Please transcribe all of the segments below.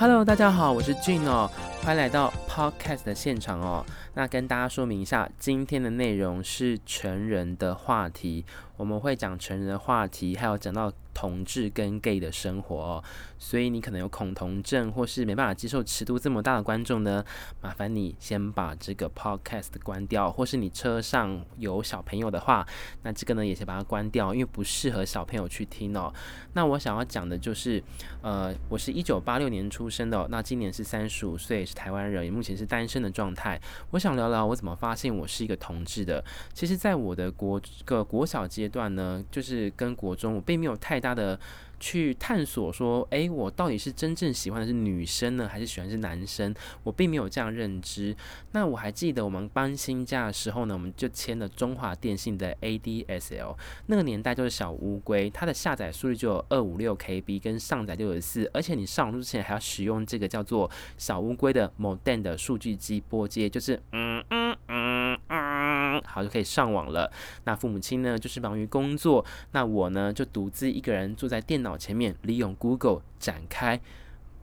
Hello，大家好，我是俊哦，歡迎來到 Podcast 的現場哦。那跟大家說明一下，今天的內容是成人的話題，我們會講成人的話題，還有講到同志跟 gay 的生活哦，所以你可能有恐同症，或是沒辦法接受尺度這麼大的觀眾呢，麻煩你先把這個 podcast 關掉，或是你車上有小朋友的話，那這個呢也先把它關掉，因為不適合小朋友去聽哦。那我想要講的就是，呃，我是一九八六年出生的哦，那今年是三十五歲，是台灣人，目前是單身的狀態。我想聊聊我怎麼發現我是一個同志的。其實，在我的國個國小階段呢，就是跟國中，我並沒有太大的去探索，說，誒、欸，我到底是真正喜歡的是女生呢，還是喜歡是男生？我並沒有這樣認知。那我還記得我們搬新家的時候呢，我們就簽了中華電信的 ADSL，那個年代就是小烏龜，它的下載速率就有二五六 KB，跟上載六十四，而且你上網之前還要使用這個叫做小烏龜的 Modem 的數據機撥接，就是嗯嗯嗯嗯。好，就可以上網了。那父母親呢，就是忙於工作。那我呢，就獨自一個人坐在電腦前面，利用 Google 展開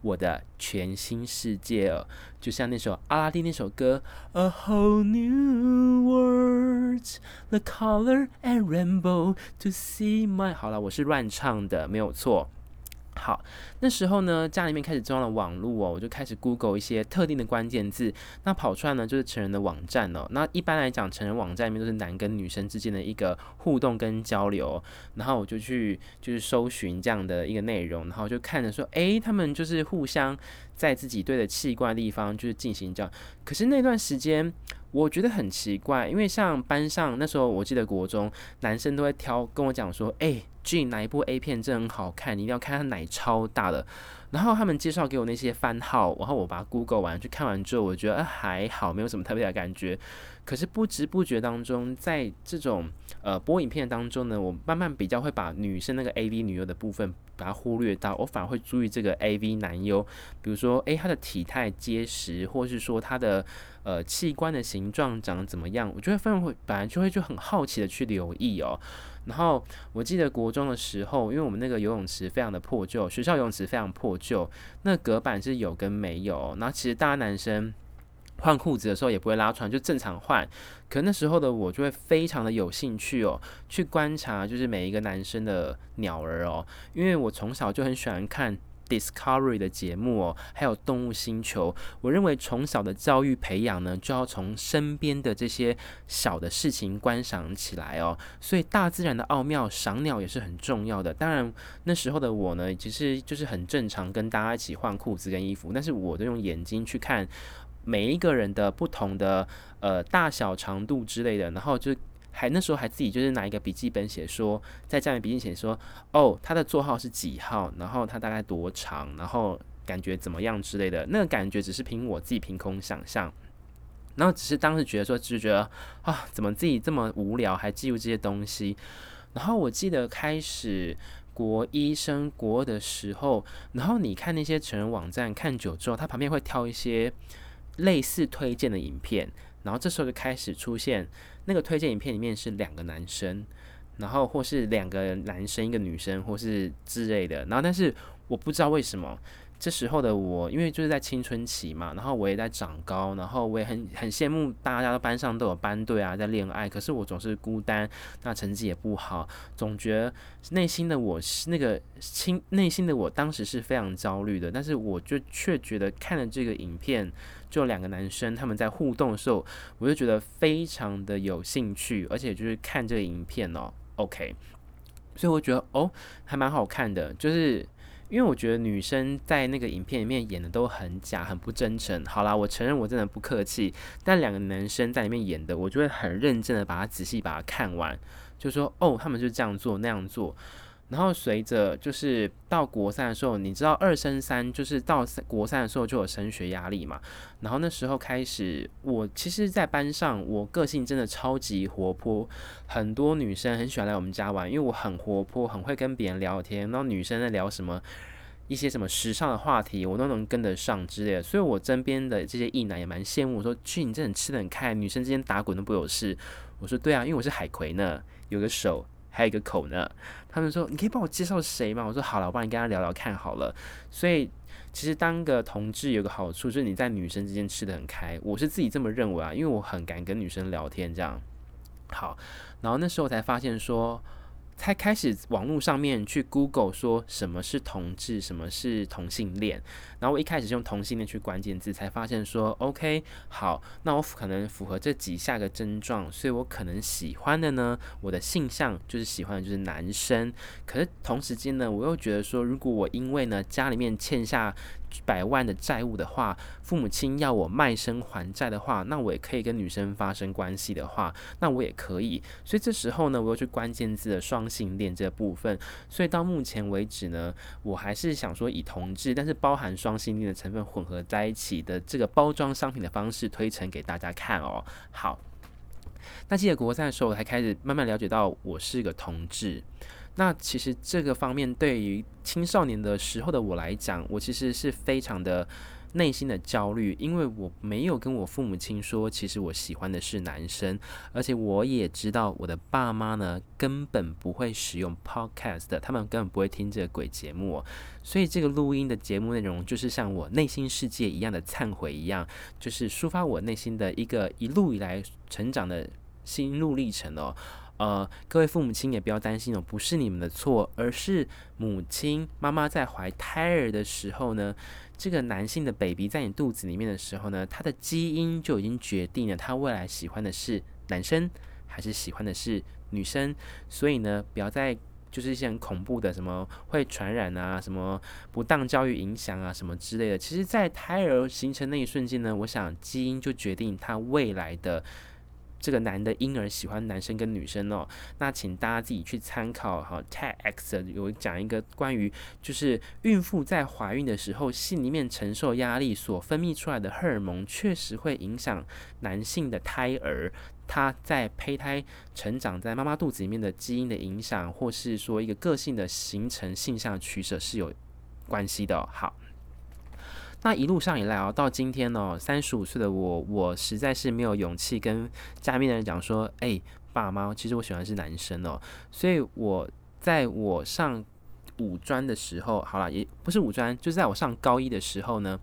我的全新世界哦。就像那首《阿拉丁》那首歌，A whole new world, the color and rainbow to see my。好了，我是亂唱的，沒有錯。好，那時候呢，家裡面開始裝了網絡哦、喔，我就開始 Google 一些特定的關鍵字，那跑出來呢，就是成人的網站哦、喔。那一般來講，成人網站裡面都是男跟女生之間的一個互動跟交流，然後我就去就是搜尋這樣的一個內容，然後就看着說，哎、欸，他們就是互相在自己對奇怪的器官地方就是進行這樣。可是那段時間我覺得很奇怪，因為像班上那時候，我記得國中男生都會挑跟我講說，哎、欸。哪一部 A 片真的很好看，你一定要看它，奶超大的。然後他們介紹給我那些番號，然後我把它 Google 完去看完之後，我覺得、啊、還好，沒有什麼特別的感覺。可是不知不覺當中，在這種呃播影片當中呢，我慢慢比較會把女生那個 AV 女優的部分把它忽略掉，我反而會注意這個 AV 男優，比如說誒，他的體態結實，或是說他的呃器官的形狀長得怎麼樣，我就會非常會本來就會就很好奇的去留意哦。然後我記得國中的時候，因為我們那個游泳池非常的破舊，學校游泳池非常破舊，那隔板是有跟沒有。然後其實大家男生換褲子的時候也不會拉穿，就正常換。可那時候的我就會非常的有興趣哦，去觀察就是每一個男生的鳥兒哦，因為我從小就很喜歡看。Discovery 的節目哦，還有動物星球，我認為從小的教育培養呢，就要從身邊的這些小的事情觀賞起來哦。所以大自然的奧妙，賞鳥也是很重要的。當然那時候的我呢，其實就是很正常跟大家一起換褲子跟衣服，但是我都用眼睛去看每一個人的不同的呃大小長度之類的，然後就還那時候還自己就是拿一個筆記本寫說，在家裡筆記寫說，哦，他的座號是幾號，然後他大概多長，然後感覺怎麼樣之類的。那個感覺只是憑我自己憑空想象，然後只是當時覺得說，就覺得啊，怎麼自己這麼無聊還記錄這些東西？然後我記得開始國一升國二的時候，然後你看那些成人網站看久之後，它旁邊會跳一些類似推薦的影片，然後這時候就開始出現。那個推薦影片裡面是兩個男生，然後或是兩個男生一個女生，或是之類的。然後，但是我不知道為什麼這時候的我，因為就是在青春期嘛，然後我也在長高，然後我也很很羨慕大家的班上都有班隊啊，在戀愛，可是我總是孤單，那成績也不好，總覺得內心的我是那個青內心的我當時是非常焦慮的，但是我就卻覺得看了這個影片。就兩個男生他們在互動的時候，我就覺得非常的有興趣，而且就是看這個影片哦，OK，所以我覺得哦還蠻好看的，就是因為我覺得女生在那個影片裡面演的都很假，很不真誠。好啦，我承認我真的不客氣，但兩個男生在裡面演的，我就會很認真的把它仔細把它看完，就說哦，他們就這樣做那樣做。然後隨着就是到國三的時候，你知道二升三就是到三國三的時候就有升學壓力嘛。然後那時候開始，我其實，在班上我個性真的超級活潑，很多女生很喜歡來我們家玩，因為我很活潑，很會跟別人聊天。然後女生在聊什麼一些什麼時尚的話題，我都能跟得上之類的。所以，我身邊的這些異男也蠻羨慕，我說去你這裡吃的看女生之間打滾都不有事。我說對啊，因為我是海葵呢，有個手，還有一個口呢。他們說：“你可以幫我介紹誰嗎？”我說：“好了，我幫你跟他聊聊看好了。”所以其實當個同志有個好處，就是你在女生之間吃得很開。我是自己這麼認為啊，因為我很敢跟女生聊天這樣。好，然後那時候才發現說。才開始網絡上面去 Google 說什麼是同志，什麼是同性戀，然後我一開始用同性戀去關鍵字，才發現說 OK 好，那我可能符合這幾下個症狀，所以我可能喜歡的呢，我的性向就是喜歡的就是男生，可是同時間呢，我又覺得說如果我因為呢家裡面欠下。百萬的債務的話，父母親要我賣身還債的話，那我也可以跟女生發生關係的話，那我也可以。所以這時候呢，我又去關鍵字的雙性戀這部分。所以到目前為止呢，我還是想說以同志，但是包含雙性戀的成分混合在一起的這個包裝商品的方式推陳給大家看哦。好，那記得國賽的時候，我才開始慢慢了解到我是個同志。那其實這個方面對於青少年的時候的我來講，我其實是非常的內心的焦慮，因為我沒有跟我父母親說，其實我喜歡的是男生，而且我也知道我的爸媽呢根本不會使用 podcast，他們根本不會聽這個鬼節目哦，所以這個錄音的節目內容就是像我內心世界一樣的懺悔一樣，就是抒發我內心的一個一路以來成長的心路歷程哦。呃，各位父母親也不要擔心哦，不是你們的錯，而是母親媽媽在懷胎兒的時候呢，這個男性的 baby 在你肚子裡面的時候呢，他的基因就已經決定了他未來喜歡的是男生還是喜歡的是女生，所以呢，不要再就是一些很恐怖的什麼會傳染啊，什麼不當教育影響啊，什麼之類的。其實，在胎兒形成那一瞬間呢，我想基因就決定他未來的。這個男的嬰兒喜歡男生跟女生哦。那請大家自己去參考哈。TEDx 有講一個關於就是孕婦在懷孕的時候，心裡面承受壓力所分泌出來的荷爾蒙，確實會影響男性的胎兒，他在胚胎成長在媽媽肚子裡面的基因的影響，或是說一個個性的形成性向取舍是有關係的哦。好。那一路上以來啊、哦，到今天呢、哦，三十五歲的我，我實在是沒有勇氣跟家裡面的人講說，誒、哎，爸媽，其實我喜歡是男生哦。所以我在我上五專的時候，好了，也不是五專，就是在我上高一的時候呢，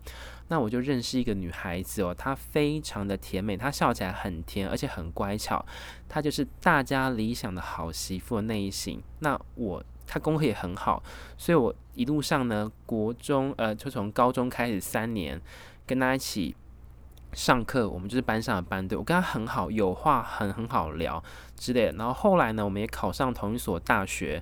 那我就認識一個女孩子哦，她非常的甜美，她笑起來很甜，而且很乖巧，她就是大家理想的好媳婦的那一型。那我。他功課也很好，所以我一路上呢，國中呃，就從高中開始三年，跟他一起上課，我們就是班上的班隊，我跟他很好，有話很很好聊之類的。然後後來呢，我們也考上同一所大學，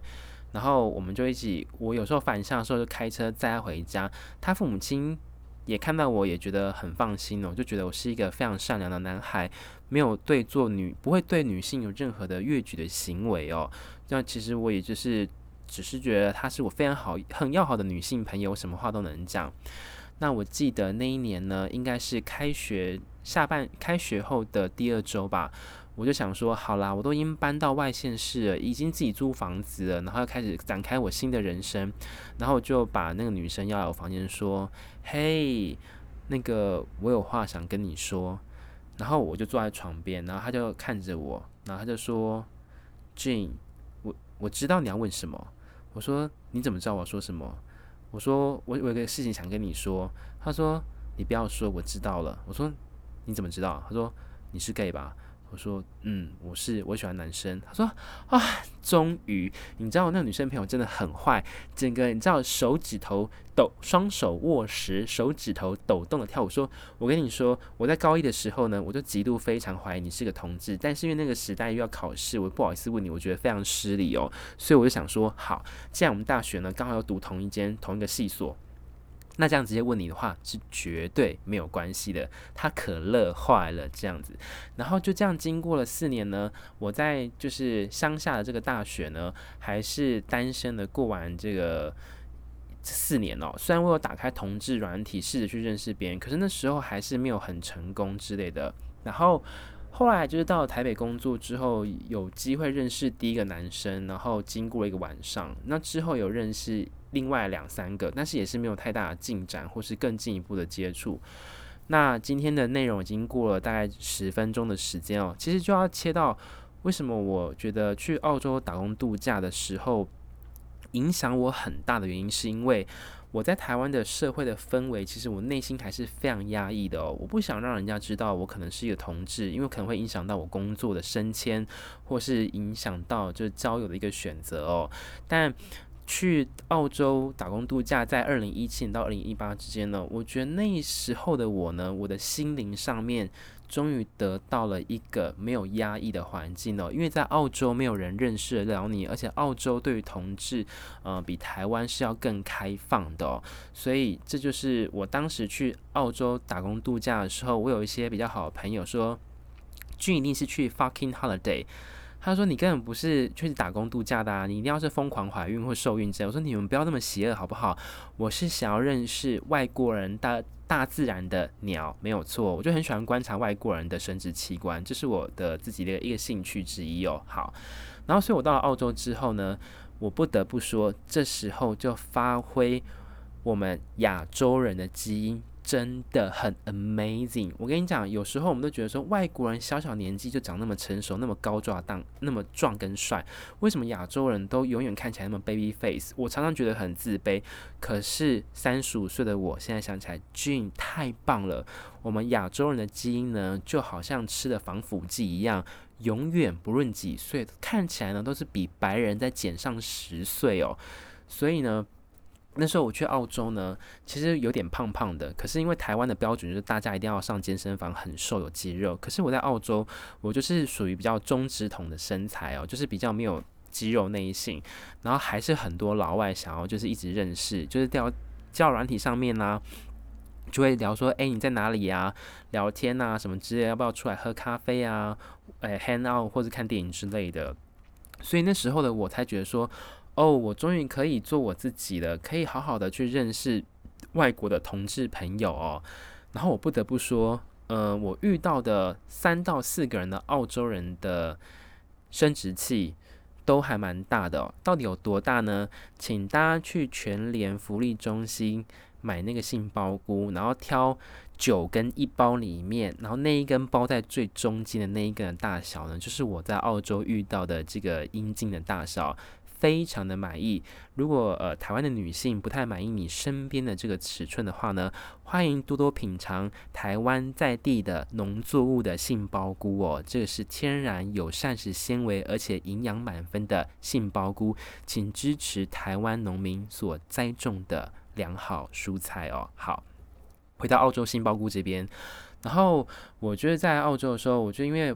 然後我們就一起，我有時候返校的時候就開車載他回家，他父母親也看到我也覺得很放心哦，就覺得我是一個非常善良的男孩，沒有對做女不會對女性有任何的越矩的行為哦。那其實我也就是。只是覺得她是我非常好、很要好的女性朋友，什麼話都能講。那我記得那一年呢，應該是開學下半、開學後的第二週吧。我就想說，好啦，我都已經搬到外縣市了，已經自己租房子了，然後要開始展開我新的人生。然後就把那個女生要來我房間，說：“嘿，hey，那個我有話想跟你說。”然後我就坐在床邊，然後她就看着我，然後她就說：“Jane，我我知道你要問什麼。”我說，你怎麼知道我說什麼？我說，我我有個事情想跟你說。他說，你不要說，我知道了。我說，你怎麼知道？他說，你是 gay 吧？我說，嗯，我是我喜歡男生。他說，啊，終於，你知道，那個女生朋友真的很壞，整個你知道手指頭抖，雙手握實，手指頭抖動的跳舞。我說，我跟你說，我在高一的時候呢，我就極度非常懷疑你是個同志，但是因為那個時代又要考試，我不好意思問你，我覺得非常失禮哦，所以我就想說，好，既然我們大學呢剛好要讀同一間同一個系所。那這樣直接問你的話是絕對沒有關係的，他可樂壞了這樣子，然後就這樣經過了四年呢，我在就是鄉下的這個大學呢，還是單身的過完這個四年哦，雖然我有打開同志軟體，試着去認識別人，可是那時候還是沒有很成功之類的。然後後來就是到台北工作之後，有機會認識第一個男生，然後經過了一個晚上，那之後有認識。另外兩三個，但是也是沒有太大的進展，或是更進一步的接觸。那今天的內容已經過了大概十分鐘的時間哦，其實就要切到為什麼我覺得去澳洲打工度假的時候，影響我很大的原因，是因為我在台灣的社會的氛圍，其實我內心還是非常壓抑的哦。我不想讓人家知道我可能是一個同志，因為可能會影響到我工作的升遷，或是影響到就是交友的一個選擇哦。但去澳洲打工度假，在二零一七年到二零一八之間呢，我覺得那時候的我呢，我的心靈上面終於得到了一個沒有壓抑的環境了，因為在澳洲沒有人認識得了你，而且澳洲對於同志，呃，比台灣是要更開放的哦，所以這就是我當時去澳洲打工度假的時候，我有一些比較好的朋友說，就一定是去 fucking holiday。他說：“你根本不是去打工度假的啊，你一定要是瘋狂懷孕或受孕。”這樣我說：“你們不要那麼邪惡好不好？我是想要認識外國人大，大自然的鳥，沒有錯。我就很喜歡觀察外國人的生殖器官，這是我的自己的一個興趣之一哦。好，然後所以，我到了澳洲之後呢，我不得不說，這時候就發揮我們亞洲人的基因。”真的很 amazing。我跟你講，有時候我們都覺得說，外國人小小年紀就長那麼成熟，那麼高壯，那麼壯跟帥。為什麼亞洲人都永遠看起來那麼 baby face？我常常覺得很自卑。可是三十五歲的我現在想起來，俊太棒了。我們亞洲人的基因呢，就好像吃了防腐劑一樣，永遠不論幾歲，看起來呢都是比白人再減上十歲哦。所以呢。那時候我去澳洲呢，其實有點胖胖的。可是因為台灣的標準就是大家一定要上健身房，很瘦有肌肉。可是我在澳洲，我就是屬於比較中直筒的身材哦、喔，就是比較沒有肌肉那一性。然後還是很多老外想要就是一直認識，就是掉掉軟體上面吶、啊，就會聊說：“誒、欸，你在哪裡啊？聊天吶、啊，什麼之類，要不要出來喝咖啡啊？誒、欸、hang out 或者看電影之類的。”所以那時候的我才覺得說。哦，我終於可以做我自己了，可以好好的去認識外國的同志朋友哦。然後我不得不說，呃，我遇到的三到四個人的澳洲人的生殖器都還蠻大的哦。到底有多大呢？請大家去全聯福利中心買那個杏鮑菇，然後挑九根一包裡面，然後那一根包在最中間的那一根的大小呢，就是我在澳洲遇到的這個陰莖的大小。非常的滿意。如果呃台灣的女性不太滿意你身邊的這個尺寸的話呢，歡迎多多品嘗台灣在地的農作物的杏鮑菇哦，這個是天然有膳食纖維，而且營養滿分的杏鮑菇，請支持台灣農民所栽種的良好蔬菜哦。好，回到澳洲杏鮑菇這邊，然後我覺得在澳洲的時候，我覺得因為。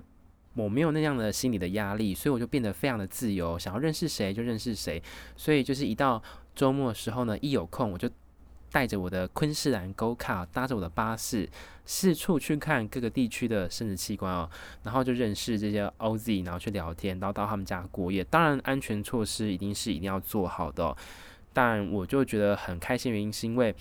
我沒有那樣的心理的壓力，所以我就變得非常的自由，想要認識誰就認識誰。所以就是一到周末的時候呢，一有空我就帶着我的昆士蘭 Go 卡，搭着我的巴士，四處去看各個地區的生殖器官哦，然後就認識這些 Oz，然後去聊天，然後到他們家過夜。當然，安全措施一定是一定要做好的哦，但我就覺得很開心，原因是因為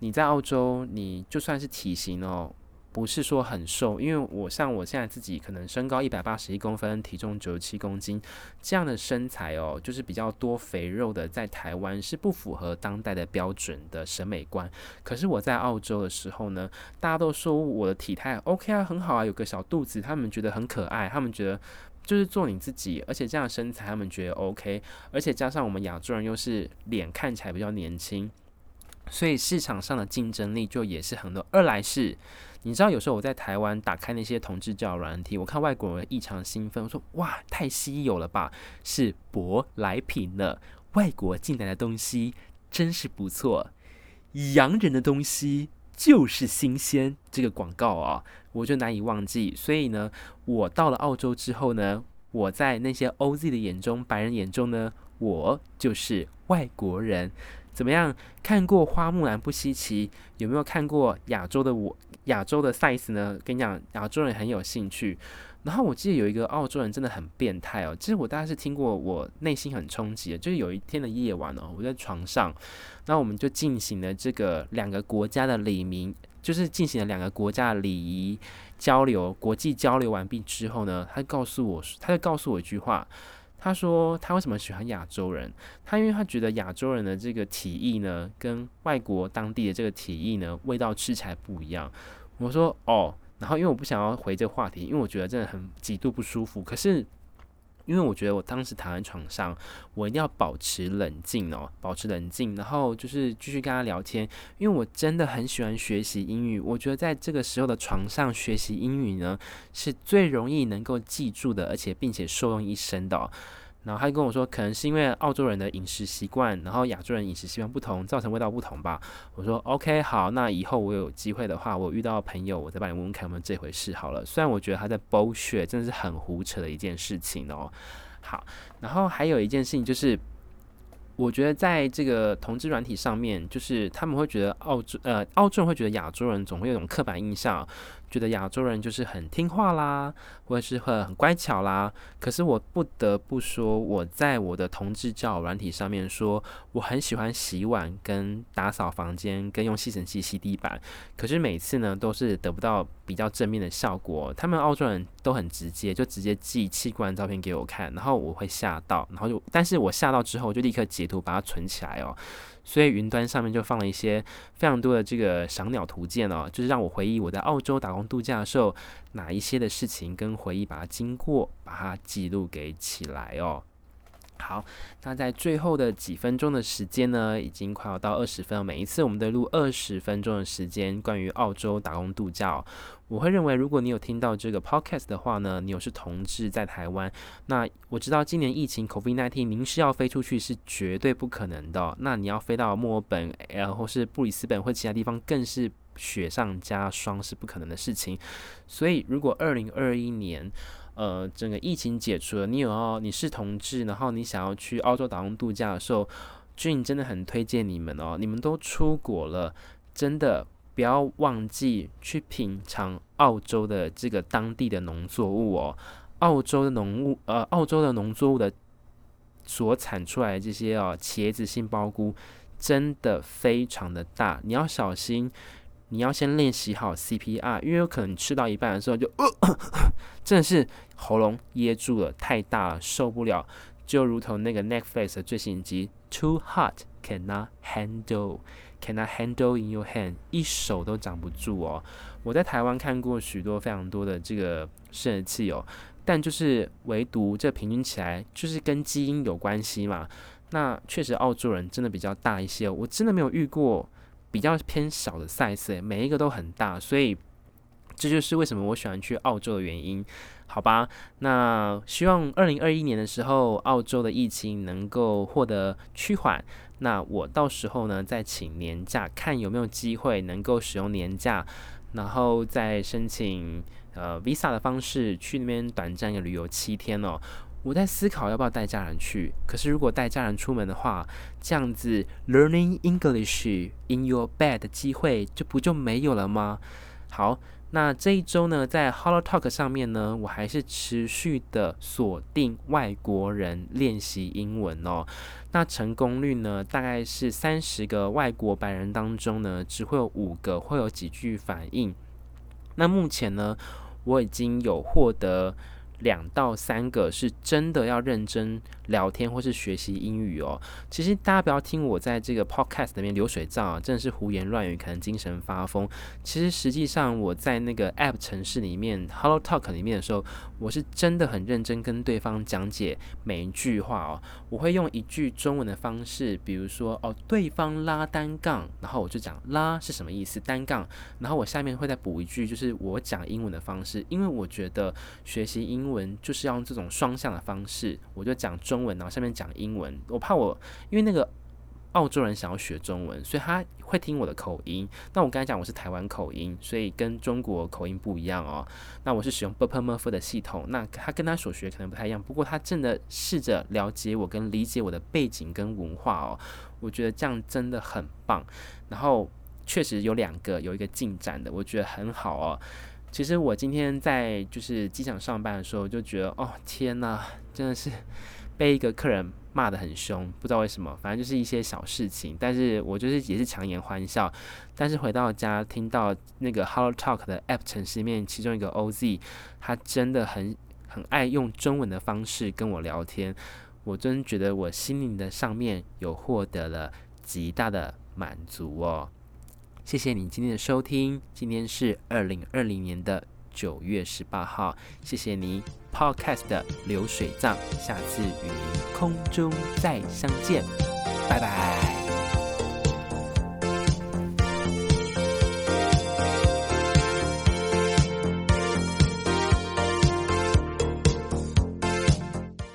你在澳洲，你就算是體型哦。不是說很瘦，因為我像我現在自己可能身高一百八十一公分，體重九十七公斤這樣的身材哦，就是比較多肥肉的，在台灣是不符合當代的標準的審美觀。可是我在澳洲的時候呢，大家都說我的體態 OK 啊，很好啊，有個小肚子，他們覺得很可愛，他們覺得就是做你自己，而且這樣的身材他們覺得 OK，而且加上我們亞洲人又是臉看起來比較年輕，所以市場上的競爭力就也是很多。二來是。你知道有時候我在台灣打開那些同志交友軟體，我看外國人異常興奮，我說：“哇，太稀有了吧，是舶來品了，外國進來的東西真是不錯，洋人的東西就是新鮮。”這個廣告啊，我就難以忘記。所以呢，我到了澳洲之後呢，我在那些 OZ 的眼中、白人眼中呢，我就是外國人。怎麼樣？看過《花木蘭》不稀奇，有沒有看過《亞洲的我》？亞洲的 size 呢？跟你講，亞洲人很有興趣。然後我記得有一個澳洲人真的很變態哦、喔。其實我大概是聽過，我內心很衝擊。就是有一天的夜晚哦、喔，我在床上，那我們就進行了這個兩個國家的禮儀，就是進行了兩個國家的禮儀交流。國際交流完畢之後呢，他告訴我，他就告訴我一句話。他說他為什麼喜歡亞洲人，他因為他覺得亞洲人的這個體液呢，跟外國當地的這個體液呢，味道吃起來不一樣。我說哦，然後因為我不想要回這個話題，因為我覺得真的很極度不舒服。可是。因為我覺得我當時躺在床上，我一定要保持冷靜哦，保持冷靜，然後就是繼續跟他聊天。因為我真的很喜歡學習英語，我覺得在這個時候的床上學習英語呢，是最容易能夠記住的，而且並且受用一生的哦。然後他就跟我說，可能是因為澳洲人的飲食習慣，然後亞洲人飲食習慣不同，造成味道不同吧。我說 OK，好，那以後我有機會的話，我遇到朋友，我再幫你問問看有沒有這回事好了。雖然我覺得他在剝削，真的是很胡扯的一件事情哦。好，然後還有一件事情就是，我覺得在這個同志軟體上面，就是他們會覺得澳洲呃，澳洲人會覺得亞洲人總會有種刻板印象。覺得亞洲人就是很聽話啦，或者是很乖巧啦。可是我不得不說，我在我的同志交友軟體上面說，我很喜歡洗碗、跟打掃房間、跟用吸塵器吸地板。可是每次呢，都是得不到比較正面的效果。他們澳洲人都很直接，就直接寄器官照片給我看，然後我會嚇到，然後就，但是我嚇到之後，就立刻截圖把它存起來哦、喔。所以雲端上面就放了一些非常多的這個賞鳥圖鑑哦，就是讓我回憶我在澳洲打工度假的時候哪一些的事情跟回憶，把它經過把它記錄給起來哦。好，那在最後的幾分鐘的時間呢，已經快要到二十分。每一次我們都錄二十分鐘的時間，關於澳洲打工度假，我會認為，如果你有聽到這個 podcast 的話呢，你有是同志在台灣，那我知道今年疫情 COVID-19，您是要飛出去是絕對不可能的。那你要飛到墨爾本，然後是布里斯本或其他地方，更是雪上加霜，是不可能的事情。所以，如果二零二一年。呃，整個疫情解除了，你有哦，你是同志，然後你想要去澳洲打工度假的時候，俊真的很推薦你們哦。你們都出國了，真的不要忘記去品嘗澳洲的這個當地的農作物哦。澳洲的農物，呃，澳洲的農作物的所產出來的這些哦，茄子、杏鮑菇，真的非常的大，你要小心。你要先練習好 CPR，因為有可能吃到一半的時候就，呃，真的是喉嚨噎住了，太大了受不了。就如同那個 Netflix 的最新一集 Too Hot Cannot Handle，Can I handle in your hand？一手都掌不住哦。我在台灣看過許多非常多的這個生殖器哦，但就是唯獨這平均起來就是跟基因有關係嘛。那確實澳洲人真的比較大一些哦，我真的沒有遇過。比較偏小的 size，每一個都很大，所以這就是為什麼我喜歡去澳洲的原因，好吧？那希望二零二一年的時候，澳洲的疫情能夠獲得趨緩。那我到時候呢，再請年假，看有沒有機會能夠使用年假，然後再申請呃 Visa 的方式去那邊短暫的旅遊七天哦。我在思考要不要帶家人去，可是如果帶家人出門的話，這樣子 learning English in your bed 的機會就不就沒有了嗎？好，那這一周呢，在 HelloTalk 上面呢，我還是持續的鎖定外國人練習英文哦。那成功率呢，大概是三十個外國白人當中呢，只會有五個會有幾句反應。那目前呢，我已經有獲得。兩到三個是真的要認真聊天或是學習英語哦。其實大家不要聽我在這個 podcast 裡面流水賬啊,真的是胡言亂語，可能精神發瘋。其實實際上我在那個 app 程式裡面，Hello Talk 裡面的時候。我是真的很認真跟對方講解每一句話哦，我會用一句中文的方式，比如說哦，對方拉單槓，然後我就講拉是什麼意思，單槓，然後我下面會再補一句，就是我講英文的方式，因為我覺得學習英文就是要用這種雙向的方式，我就講中文，然後下面講英文，我怕我因為那個。澳洲人想要學中文，所以他會聽我的口音。那我剛才講我是台灣口音，所以跟中國口音不一樣哦。那我是使用 ㄅㄆㄇㄈ 的系統，那他跟他所學可能不太一樣。不過他真的試着了解我跟理解我的背景跟文化哦。我覺得這樣真的很棒。然後確實有兩個有一個進展的，我覺得很好哦。其實我今天在就是機場上班的時候，就覺得哦天哪，真的是。被一個客人罵得很兇，不知道為什麼，反正就是一些小事情，但是我就是也是強顏歡笑。但是回到家，聽到那個 Holo Talk 的 App 程式裡面，其中一個 OZ，他真的很很愛用中文的方式跟我聊天，我真覺得我心靈的上面有獲得了極大的滿足哦。謝謝你今天的收聽，今天是二零二零年的九月十八號，謝謝您 Podcast 的流水賬，下次與您空中再相見，拜拜。